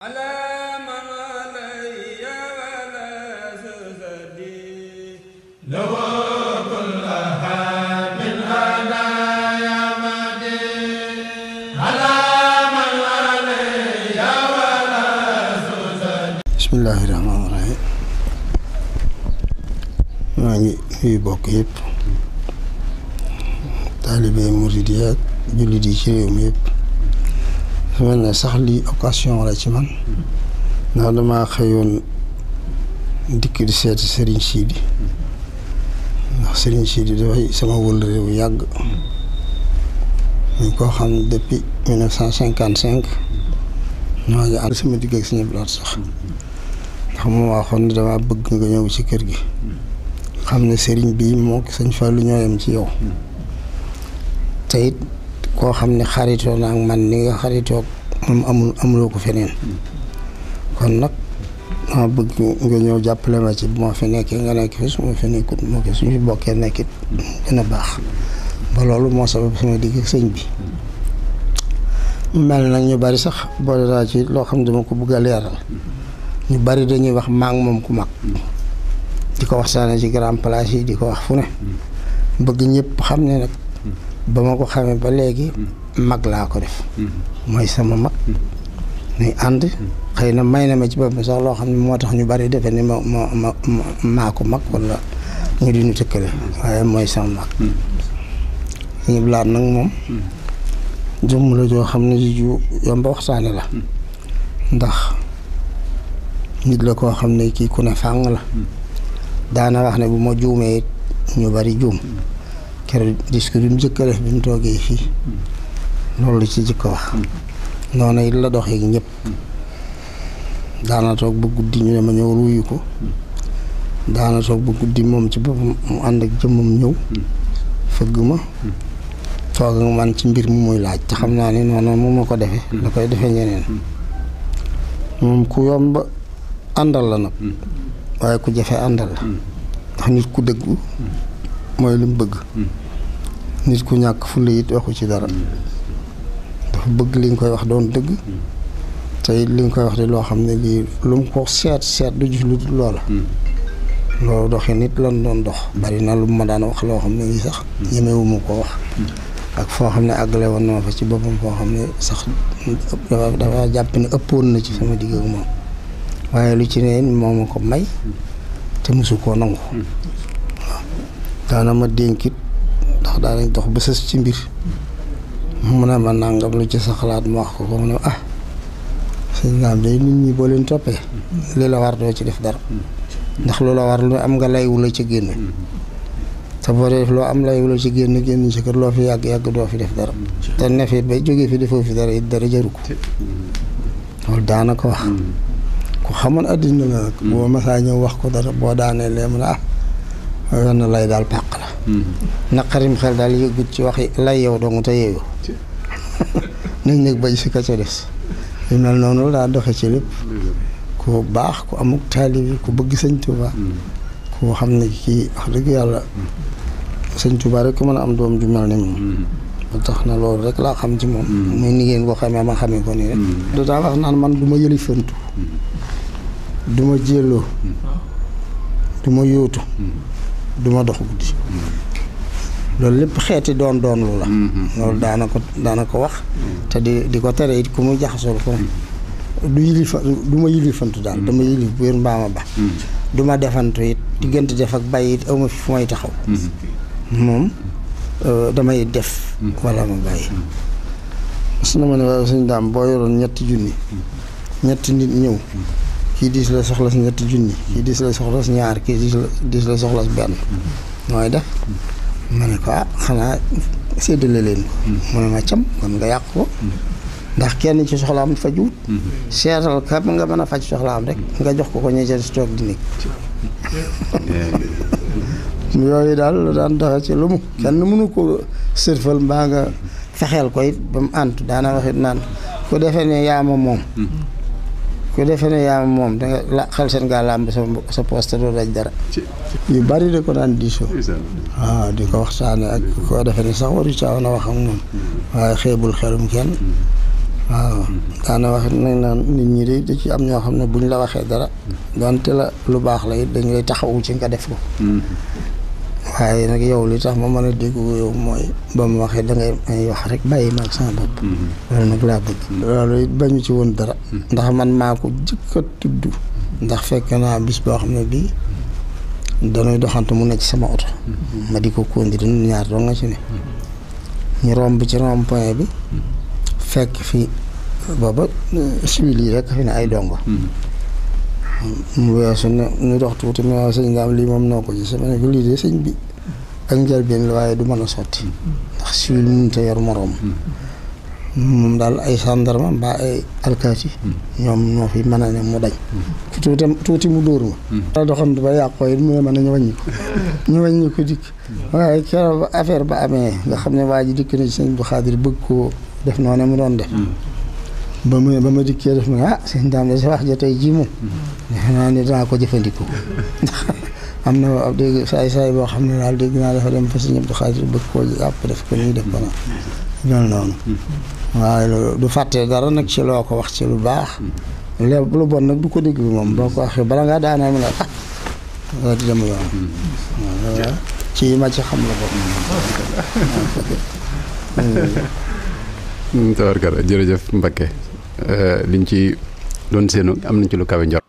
bismillaahi rahmaani rahiim maa ngi nuyu bokk yëpp taalibe murid yi ak jullit yi ci réew mi yëpp dafa mel sax lii occasion la ci man ndax damaa xëyoon dikk di seeti Serigne Sidi ndax Serigne Sidi dafay sama wëllëre bu yàgg ñu ko xam depuis mille cent cinquante cinq ñoo ngi ànd sama digg ndax moom waxoon ne damaa bëgg nga ñëw ci kër gi xam ne Serigne bii moo ko Sëriñ Fallou ñooyam ci yow teyit koo xam ne xaritoo naa man ni nga xaritoo moom amul amuloo ko feneen kon nag ma bëgg nga ñëw jàppale ma ci bu fi nekkee nga nekk fi suma ma fi nekkut moo ko suñu bokkee nekkit gën a baax ba loolu moo sabab suma digg sëñ bi mel nag ñu bari sax boole naa ci loo xam ne dama ko bëgg a leeral ñu bari dañuy wax maa moom ku mag di ko wax saana ci grand place yi di ko wax fu ne bëgg ñëpp xam ne nag ba ma ko xamee ba léegi mm. mag laa ko def mm. mooy sama mag nuy mm. ànd xëy na may na ma ci boppam sax loo xam ne moo tax ñu bari defe ni ma ma ma maa mag wala ñu di ñu tëkkale waaye mooy sama mag suñu blaat nag moom jëmm la joo xam ne ju yomb waxtaane la ndax nit la koo xam ne kii ku ne fàng la daana wax ne bu ma juumee ñu bari juum keroog discours bi mu njëkk a def bi mu toogee fii loolu la ci jëkk wax noonu it la doxee ñëpp daana toog ba guddi ñu ne ñëw ruuyu ko daana toog ba guddi moom ci boppam mu ànd ak jëmmam ñëw fëgg ma toog ak man ci mbir mu muy laaj te xam naa ni noonu moom ma ko defee da koy defee ñeneen moom ku yomb àndal la nag waaye ku jafe àndal la ndax nit ku dëggu mooy li mu bëgg nit ku ñàkk fulla it waxu ci dara dafa bëgg li nga koy wax doon dëgg te it li nga koy wax di loo xam ne lii lu mu ko seet seet du jif lu loola hmm. loolu doxi nit lan doon dox bari na lu ma daan wax loo xam ne ngi sax hmm. ñemewuma ko wax hmm. ak foo xam ne àggale woon na ma fa ci boppam foo xam ne sax dafa jàpp ne ëpp ëppoon na ci sama digg ak moom waaye lu ci ne moo ma ko may te mosu koo nangu waaw daana ma dénkit ndax daa dox ba sës ci mbir mu ne ma nangam lu ci sa xalaat mu wax ko ko mu ne ah sëñ naam day nit ñi boo leen toppee li la war doo ci def dara ndax lu la war lu am nga laywu la ci génn te boo def loo am laywu la ci génn génn ci kër loo fi yàgg-yàgg doo fi def dara te ne fi ba jógee fi defoo fi dara it dara jaru ko loolu daanaka wax ku xamoon addina la nag boo masaa ñëw wax ko dara boo daanee lee mu ne ah wenn lay daal pàq la hmm. naqarim xel daal yëgut ci waxi lay yow dong te yeewu nañ nag bañ si ka ca des noonu daa doxe ci lépp ku baax ku amuk taalibi ku bëgg sëñ Tuuba hmm. ku xam ne kii wax dëgg yàlla sëñ Tuuba rek ku mën a am doom ju mel ni moom hmm. ba tax na loolu rek laa xam ci moom muy ni ngeen ko xamee ma xamee ko nii rek du daa wax naan man du ma yëlifantu du ma jélloo du ma du ma dox guddi loolu lépp xeeti doon doon lu la mm-hmm. loolu daana ko wax te di di ko tere it ku mu jaxasool ko mm-hmm. du yilifantu daal mm-hmm. dama yilif bu wér mbaama ba duma ma defantu it diggante def ak bàyyi it awma fi fu may taxaw moom euh, damay def wala ma bàyyi su na ma ne waaye suñ daam boo yoroon ñetti junni ñetti nit ñëw kii diis la soxlas ñetti junni kii diis la soxlas ñaar kii diis la diis la soxlas benn mooy def ma ne ko ah xanaa séddale leen ko mu ne ma cam kon nga yàq ko ndax kenn ci soxlaam fajuwut seetal kam nga mën a faj soxlaam rek nga jox ko ko ñe si toog di nekk yooyu daal la daan doxe ci lu mu kenn mënu ko sërfal mbaa nga fexeel ko it ba mu ànt daana waxit naan ku defee ne yaa moom ku defe ne yaa moom danga la xel seen ngaa làmb sa sa poste doo dara. yu bari da ko daan diisoo. waaw ah, di ko waxtaane ak koo defe ne sax waru caa woon a wax ak moom. waaye xeebul xelum kenn. waaw daana wax nag nit ñi de da ci am ñoo xam ne buñ la waxee dara. donte la lu baax la it dañ lay taxawu ci nga def ko. Mm-hmm. waaye nag yow li tax ma mën a dégg yow mooy ba mu waxee dangay ngay may wax rek bàyyi ma ak sama bopp. Mm-hmm. loolu nag laa bëgg. Mm-hmm. loolu it bañu ci woon dara. Mm-hmm. ndax man maa ko jëkk a ndax fekk naa bis boo xam ne bii dañuy doxante mu ne ci sama oto. ma di ko kondi dina ñaar doo nga ci ne. ñu romb ci rond point bi. fekk fi booba euh, civil yi rek fi ne ay dongo. mu weesu ne ñu dox tuuti mu ne lii moom noo ko gisee ma ne ko lii la waaye du mën sotti ndax siwil yor moroom daal ay gendarme mbaa ay ñoom ñoo fi mën a ne mu dañ tuuti tuuti mu dóor ma daa doxam ba yàqoo mën a ñu wàññi ñu wàññi dikk waaye keroog affaire ba amee nga xam ne waa ji dikk na ci sëñ bu xaadir bëgg ko def noonu mu doon def ba ma ba ma dikkee def ma ah sëñ daam de sa wax ja tey jii moom mm. naa ne danaa ko jëfandikoo am na dégg saay boo xam ne daal dégg naa dafa dem fa sëñ Abdou Xaadir bëgg koo jàpp def mm. mm. du fàtte dara nag ci loo ko wax ci lu baax lépp lu bon nag du ko déglu moom boo ko waxee bala ngaa daanee mu ne ah loolu di dem yoon ci ma ci xam la bokk tawarkar jërëjëf Mbakke Euh, liñ ci doon séenu am nañ ci lu kawe njort